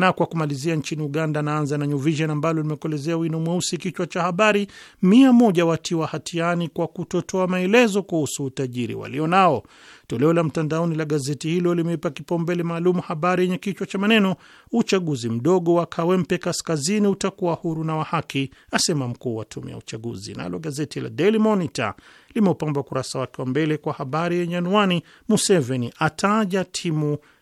Na kwa kumalizia, nchini Uganda, naanza na New Vision ambalo limekolezea wino mweusi kichwa cha habari, mia moja watiwa hatiani kwa kutotoa maelezo kuhusu utajiri walio nao Toleo la mtandaoni la gazeti hilo limeipa kipaumbele maalum habari yenye kichwa cha maneno, uchaguzi mdogo wa Kawempe Kaskazini utakuwa huru na wa haki, asema mkuu wa tume ya uchaguzi. Nalo gazeti la Daily Monitor limeupamba ukurasa wake wa mbele kwa habari yenye anwani, Museveni ataja timu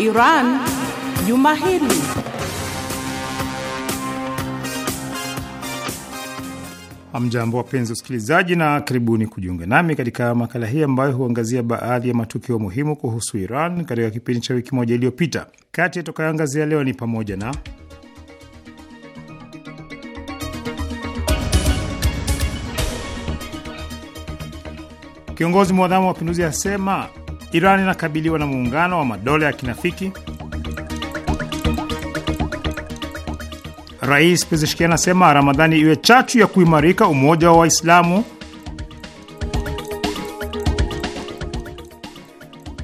Iran juma hili. Hamjambo, wapenzi usikilizaji, na karibuni kujiunga nami katika makala hii ambayo huangazia baadhi ya matukio muhimu kuhusu Iran katika kipindi cha wiki moja iliyopita. Kati ya tutakayoangazia leo ni pamoja na kiongozi mwadhamu wa mapinduzi asema Iran inakabiliwa na muungano wa madola ya kinafiki. Rais Pezeshkian anasema Ramadhani iwe chachu ya kuimarika umoja wa Waislamu.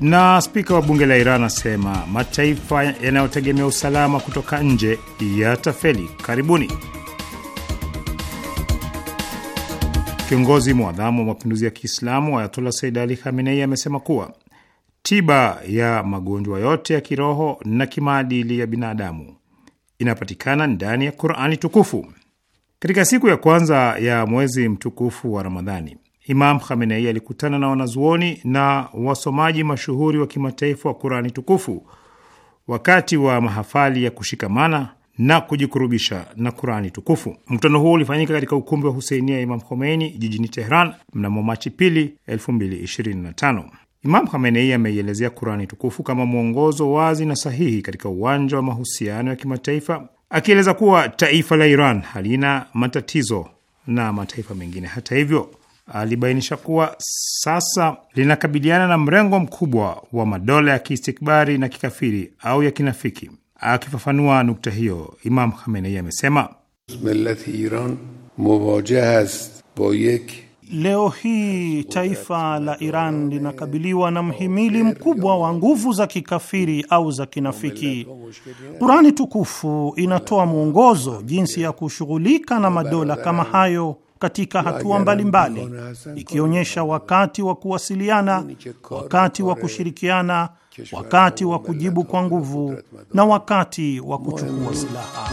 Na spika wa bunge la Iran anasema mataifa yanayotegemea usalama kutoka nje yatafeli karibuni. Kiongozi mwadhamu wa mapinduzi ya Kiislamu Ayatollah Said Ali Khamenei amesema kuwa Tiba ya magonjwa yote ya kiroho na kimaadili ya binadamu inapatikana ndani ya Qurani tukufu. Katika siku ya kwanza ya mwezi mtukufu wa Ramadhani, Imam Khamenei alikutana na wanazuoni na wasomaji mashuhuri wa kimataifa wa Qurani tukufu wakati wa mahafali ya kushikamana na kujikurubisha na Qurani tukufu. Mkutano huo ulifanyika katika ukumbi wa Huseinia Imam Khomeini jijini Tehran mnamo Machi pili 2025. Imam Hamenei ameielezea Kurani tukufu kama mwongozo wazi na sahihi katika uwanja wa mahusiano ya kimataifa, akieleza kuwa taifa la Iran halina matatizo na mataifa mengine. Hata hivyo, alibainisha kuwa sasa linakabiliana na mrengo mkubwa wa madola ya kiistikbari na kikafiri au ya kinafiki. Akifafanua nukta hiyo, Imam Hamenei amesema: millat iran ast yek Leo hii taifa la Iran linakabiliwa na mhimili mkubwa wa nguvu za kikafiri au za kinafiki. Kurani tukufu inatoa mwongozo jinsi ya kushughulika na madola kama hayo katika hatua mbalimbali, ikionyesha wakati wa kuwasiliana, wakati wa kushirikiana, wakati wa kujibu kwa nguvu na wakati wa kuchukua silaha.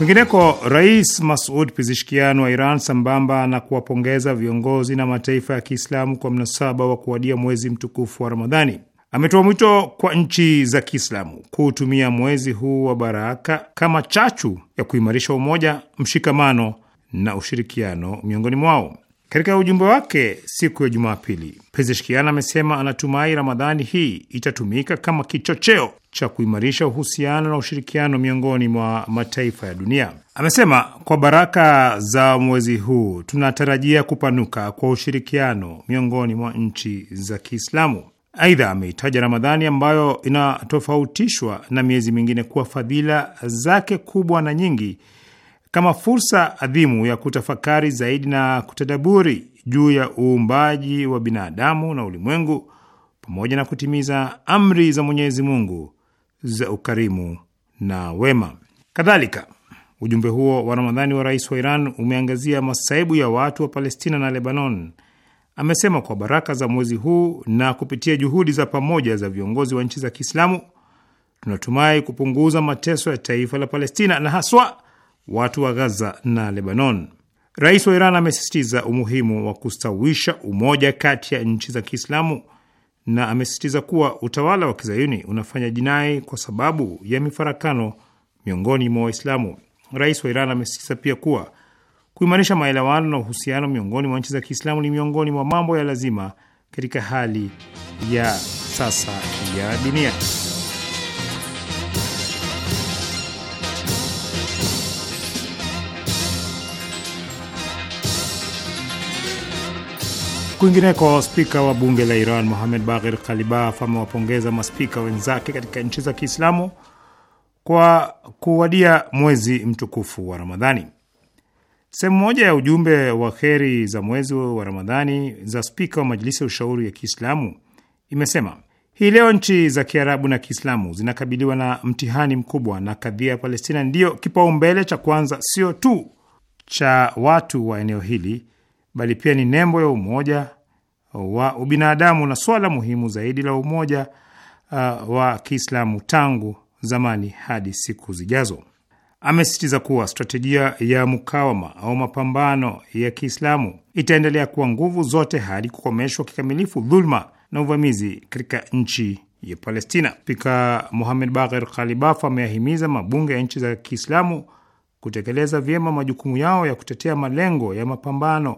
Kwingineko, Rais Masud pizishkian wa Iran, sambamba na kuwapongeza viongozi na mataifa ya Kiislamu kwa mnasaba wa kuwadia mwezi mtukufu wa Ramadhani, ametoa mwito kwa nchi za Kiislamu kuutumia mwezi huu wa baraka kama chachu ya kuimarisha umoja, mshikamano na ushirikiano miongoni mwao. Katika ujumbe wake siku ya Jumapili, Pezeshkian amesema anatumai Ramadhani hii itatumika kama kichocheo cha kuimarisha uhusiano na ushirikiano miongoni mwa mataifa ya dunia. Amesema kwa baraka za mwezi huu tunatarajia kupanuka kwa ushirikiano miongoni mwa nchi za Kiislamu. Aidha, ameitaja Ramadhani ambayo inatofautishwa na miezi mingine kuwa fadhila zake kubwa na nyingi kama fursa adhimu ya kutafakari zaidi na kutadaburi juu ya uumbaji wa binadamu na ulimwengu pamoja na kutimiza amri za Mwenyezi Mungu za ukarimu na wema. Kadhalika, ujumbe huo wa Ramadhani wa rais wa Iran umeangazia masaibu ya watu wa Palestina na Lebanon. Amesema kwa baraka za mwezi huu na kupitia juhudi za pamoja za viongozi wa nchi za Kiislamu tunatumai kupunguza mateso ya taifa la Palestina na haswa watu wa Gaza na Lebanon. Rais wa Iran amesisitiza umuhimu wa kustawisha umoja kati ya nchi za Kiislamu na amesisitiza kuwa utawala wa kizayuni unafanya jinai kwa sababu ya mifarakano miongoni mwa Waislamu. Rais wa Iran amesisitiza pia kuwa kuimarisha maelewano na uhusiano miongoni mwa nchi za Kiislamu ni miongoni mwa mambo ya lazima katika hali ya sasa ya dunia. Kwingineko, spika wa bunge la Iran muhamed Baghir Kalibaf amewapongeza maspika wenzake katika nchi za Kiislamu kwa kuwadia mwezi mtukufu wa Ramadhani. Sehemu moja ya ujumbe wa kheri za mwezi wa Ramadhani za spika wa Majlisi ya Ushauri ya Kiislamu imesema hii leo nchi za Kiarabu na Kiislamu zinakabiliwa na mtihani mkubwa, na kadhia ya Palestina ndiyo kipaumbele cha kwanza, sio tu cha watu wa eneo hili bali pia ni nembo ya umoja wa ubinadamu na swala muhimu zaidi la umoja uh, wa Kiislamu tangu zamani hadi siku zijazo. Amesisitiza kuwa strategia ya mukawama au mapambano ya Kiislamu itaendelea kuwa nguvu zote hadi kukomeshwa kikamilifu dhuluma na uvamizi katika nchi ya Palestina. Spika Mohamed Bagher Ghalibaf ameyahimiza mabunge ya nchi za Kiislamu kutekeleza vyema majukumu yao ya kutetea malengo ya mapambano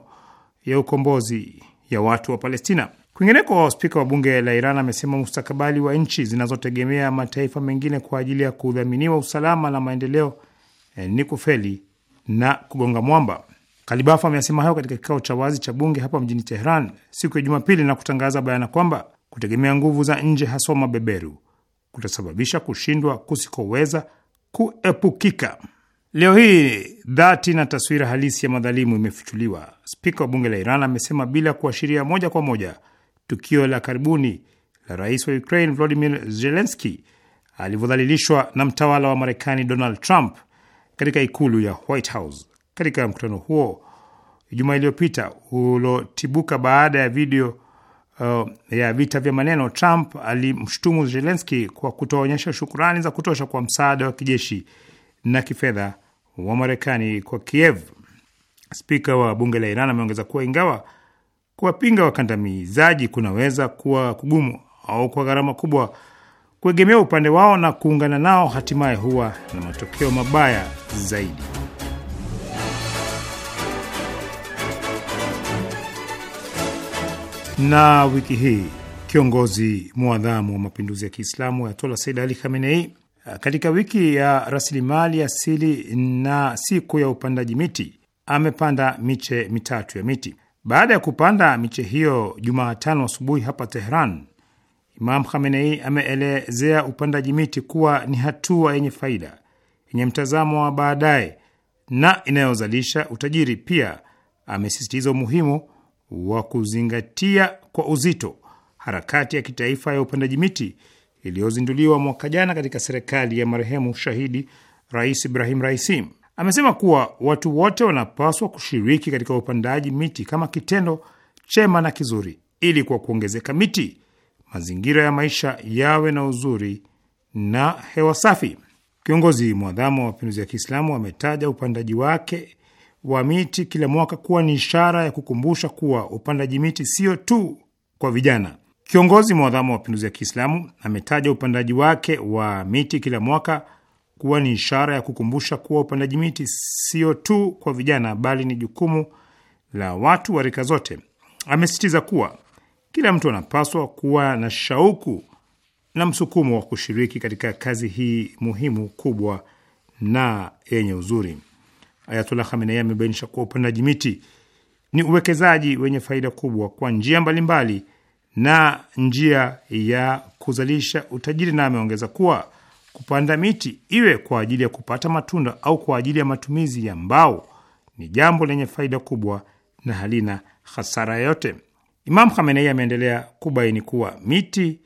ya ukombozi ya watu wa Palestina. Kwingineko, spika wa bunge la Iran amesema mustakabali wa nchi zinazotegemea mataifa mengine kwa ajili ya kudhaminiwa usalama na maendeleo eh, ni kufeli na kugonga mwamba. Kalibaf amesema hayo katika kikao cha wazi cha bunge hapa mjini Tehran siku ya Jumapili na kutangaza bayana kwamba kutegemea nguvu za nje, haswa mabeberu, kutasababisha kushindwa kusikoweza kuepukika. Leo hii dhati na taswira halisi ya madhalimu imefichuliwa. Spika wa bunge la Iran amesema bila kuashiria moja kwa moja tukio la karibuni la rais wa Ukraine Volodymyr zelenski alivyodhalilishwa na mtawala wa Marekani Donald Trump katika ikulu ya White House. Katika mkutano huo Ijumaa iliyopita ulotibuka baada ya video uh, ya vita vya maneno, Trump alimshutumu zelenski kwa kutoonyesha shukurani za kutosha kwa msaada wa kijeshi na kifedha wa Marekani kwa Kiev. Spika wa bunge la Iran ameongeza kuwa ingawa kuwapinga wakandamizaji kunaweza kuwa kugumu au kwa gharama kubwa, kuegemea upande wao na kuungana nao hatimaye huwa na matokeo mabaya zaidi. Na wiki hii kiongozi mwadhamu wa mapinduzi ya Kiislamu Ayatola Said Ali Khamenei katika wiki ya rasilimali asili na siku ya upandaji miti amepanda miche mitatu ya miti. Baada ya kupanda miche hiyo Jumatano asubuhi hapa Tehran, Imam Khamenei ameelezea upandaji miti kuwa ni hatua yenye faida, yenye mtazamo wa baadaye na inayozalisha utajiri. Pia amesisitiza umuhimu wa kuzingatia kwa uzito harakati ya kitaifa ya upandaji miti iliyozinduliwa mwaka jana katika serikali ya marehemu shahidi Rais Ibrahim Raisi. Amesema kuwa watu wote wanapaswa kushiriki katika upandaji miti kama kitendo chema na kizuri, ili kwa kuongezeka miti mazingira ya maisha yawe na uzuri na hewa safi. Kiongozi mwadhamu wa mapinduzi ya Kiislamu ametaja upandaji wake wa miti kila mwaka kuwa ni ishara ya kukumbusha kuwa upandaji miti sio tu kwa vijana, Kiongozi mwadhamu wa mapinduzi ya Kiislamu ametaja upandaji wake wa miti kila mwaka kuwa ni ishara ya kukumbusha kuwa upandaji miti sio tu kwa vijana, bali ni jukumu la watu wa rika zote. Amesisitiza kuwa kila mtu anapaswa kuwa na shauku na msukumo wa kushiriki katika kazi hii muhimu, kubwa na yenye uzuri. Ayatullah Khamenei amebainisha kuwa upandaji miti ni uwekezaji wenye faida kubwa kwa njia mbalimbali na njia ya kuzalisha utajiri, na ameongeza kuwa kupanda miti iwe kwa ajili ya kupata matunda au kwa ajili ya matumizi ya mbao ni jambo lenye faida kubwa na halina hasara yoyote. Imam Khamenei ameendelea kubaini kuwa miti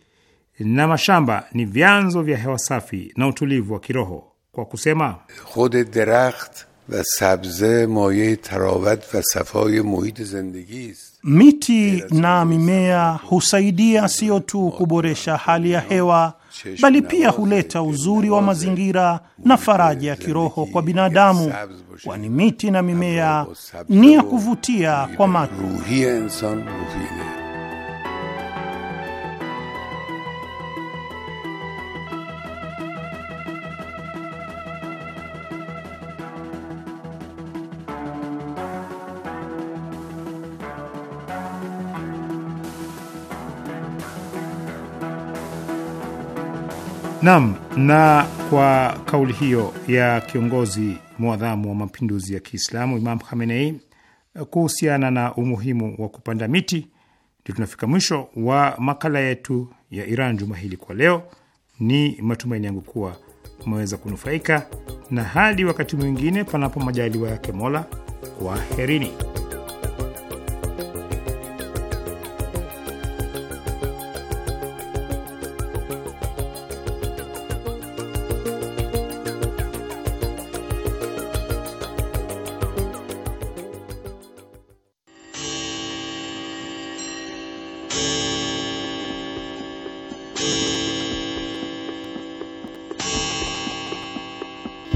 na mashamba ni vyanzo vya hewa safi na utulivu wa kiroho kwa kusema, khode derakht wa sabze moye tarawat wa safaye muhit zindagi ist Miti na mimea husaidia sio tu kuboresha hali ya hewa, bali pia huleta uzuri wa mazingira na faraja ya kiroho kwa binadamu, kwani miti na mimea ni ya kuvutia kwa macho. Naam, na kwa kauli hiyo ya kiongozi mwadhamu wa mapinduzi ya Kiislamu Imam Khamenei kuhusiana na umuhimu wa kupanda miti, ndio tunafika mwisho wa makala yetu ya Iran juma hili kwa leo. Ni matumaini yangu kuwa umeweza kunufaika, na hadi wakati mwingine, panapo majaliwa yake Mola, kwaherini.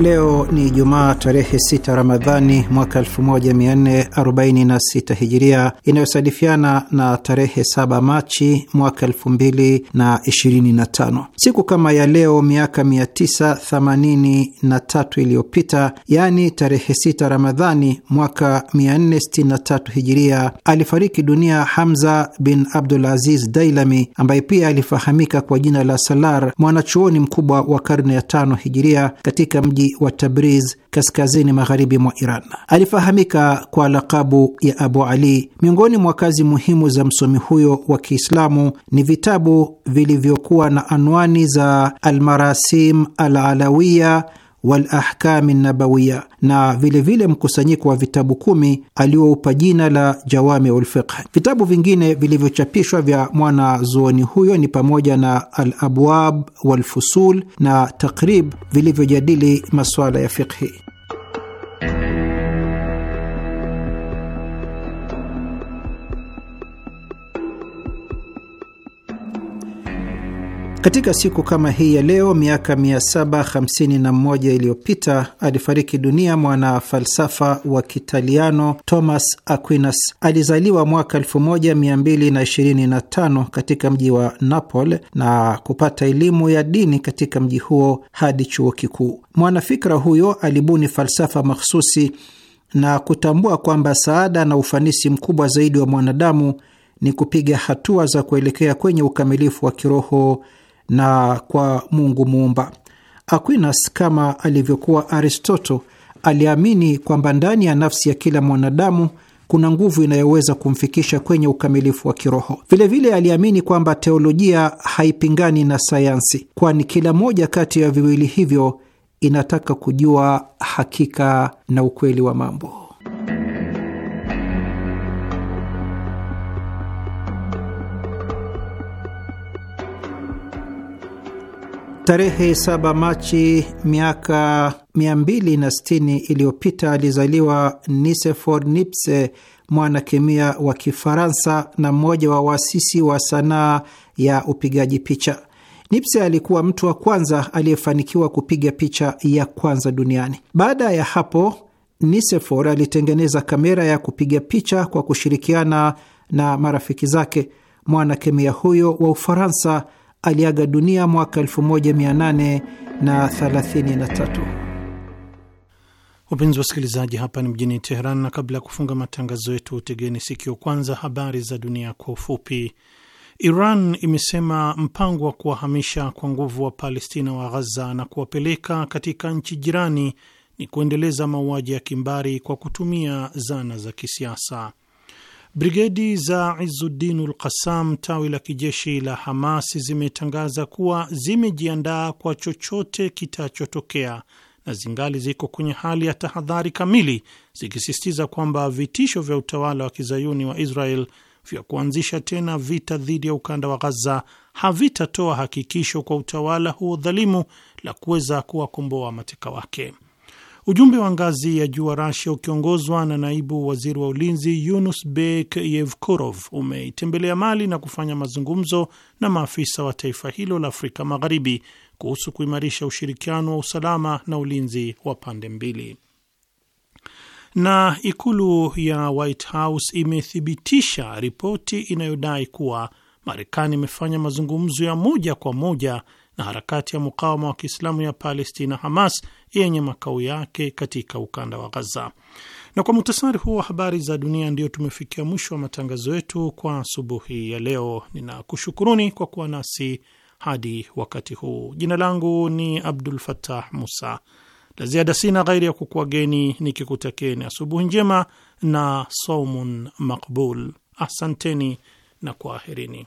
Leo ni Jumaa tarehe 6 Ramadhani mwaka 1446 Hijiria, inayosadifiana na tarehe 7 Machi mwaka 2025. Siku kama ya leo miaka 983 iliyopita, yaani tarehe 6 Ramadhani mwaka 463 Hijiria, alifariki dunia Hamza bin Abdul Aziz Dailami ambaye pia alifahamika kwa jina la Salar, mwanachuoni mkubwa wa karne ya tano Hijiria katika mji mji wa Tabriz kaskazini magharibi mwa Iran. Alifahamika kwa lakabu ya Abu Ali. Miongoni mwa kazi muhimu za msomi huyo wa Kiislamu ni vitabu vilivyokuwa na anwani za Almarasim Alalawiya walahkami nabawiya na vilevile mkusanyiko wa vitabu kumi alioupa jina la Jawami Ulfiqh. Vitabu vingine vilivyochapishwa vya mwana zuoni huyo ni pamoja na Alabwab walfusul na Takrib vilivyojadili masuala ya fiqhi. Katika siku kama hii ya leo miaka 751 iliyopita alifariki dunia mwana falsafa wa Kitaliano Thomas Aquinas. Alizaliwa mwaka 1225 katika mji wa Napoli na kupata elimu ya dini katika mji huo hadi chuo kikuu. Mwanafikra huyo alibuni falsafa mahsusi na kutambua kwamba saada na ufanisi mkubwa zaidi wa mwanadamu ni kupiga hatua za kuelekea kwenye ukamilifu wa kiroho na kwa Mungu Muumba. Aquinas, kama alivyokuwa Aristoto, aliamini kwamba ndani ya nafsi ya kila mwanadamu kuna nguvu inayoweza kumfikisha kwenye ukamilifu wa kiroho. Vilevile vile aliamini kwamba teolojia haipingani na sayansi, kwani kila moja kati ya viwili hivyo inataka kujua hakika na ukweli wa mambo. Tarehe 7 Machi miaka 260 iliyopita alizaliwa Nisefor Nipse, mwanakemia wa Kifaransa na mmoja wa waasisi wa sanaa ya upigaji picha. Nipse alikuwa mtu wa kwanza aliyefanikiwa kupiga picha ya kwanza duniani. Baada ya hapo, Nisefor alitengeneza kamera ya kupiga picha kwa kushirikiana na marafiki zake. Mwanakemia huyo wa Ufaransa aliaga dunia mwaka 1833. Wapenzi wasikilizaji, hapa ni mjini Teheran, na kabla ya kufunga matangazo yetu, tegeni sikio kwanza habari za dunia kwa ufupi. Iran imesema mpango wa kuwahamisha kwa nguvu wa Palestina wa Ghaza na kuwapeleka katika nchi jirani ni kuendeleza mauaji ya kimbari kwa kutumia zana za kisiasa. Brigedi za Izuddin Lqassam, tawi la kijeshi la Hamas, zimetangaza kuwa zimejiandaa kwa chochote kitachotokea na zingali ziko kwenye hali ya tahadhari kamili, zikisisitiza kwamba vitisho vya utawala wa kizayuni wa Israel vya kuanzisha tena vita dhidi ya ukanda wa Ghaza havitatoa hakikisho kwa utawala huo dhalimu la kuweza kuwakomboa mateka wake. Ujumbe wa ngazi ya juu wa Rasia ukiongozwa na naibu waziri wa ulinzi Yunus Bek Yevkurov umeitembelea Mali na kufanya mazungumzo na maafisa wa taifa hilo la Afrika Magharibi kuhusu kuimarisha ushirikiano wa usalama na ulinzi wa pande mbili. Na ikulu ya White House imethibitisha ripoti inayodai kuwa Marekani imefanya mazungumzo ya moja kwa moja na harakati ya mukawama wa Kiislamu ya Palestina, Hamas, yenye makao yake katika ukanda wa Ghaza. Na kwa muhtasari huo wa habari za dunia, ndiyo tumefikia mwisho wa matangazo yetu kwa asubuhi ya leo. Ninakushukuruni kwa kuwa nasi hadi wakati huu. Jina langu ni Abdul fatah Musa. La ziada sina ghairi ya kukuageni nikikutakeni asubuhi njema na saumun makbul. Asanteni na kwaherini.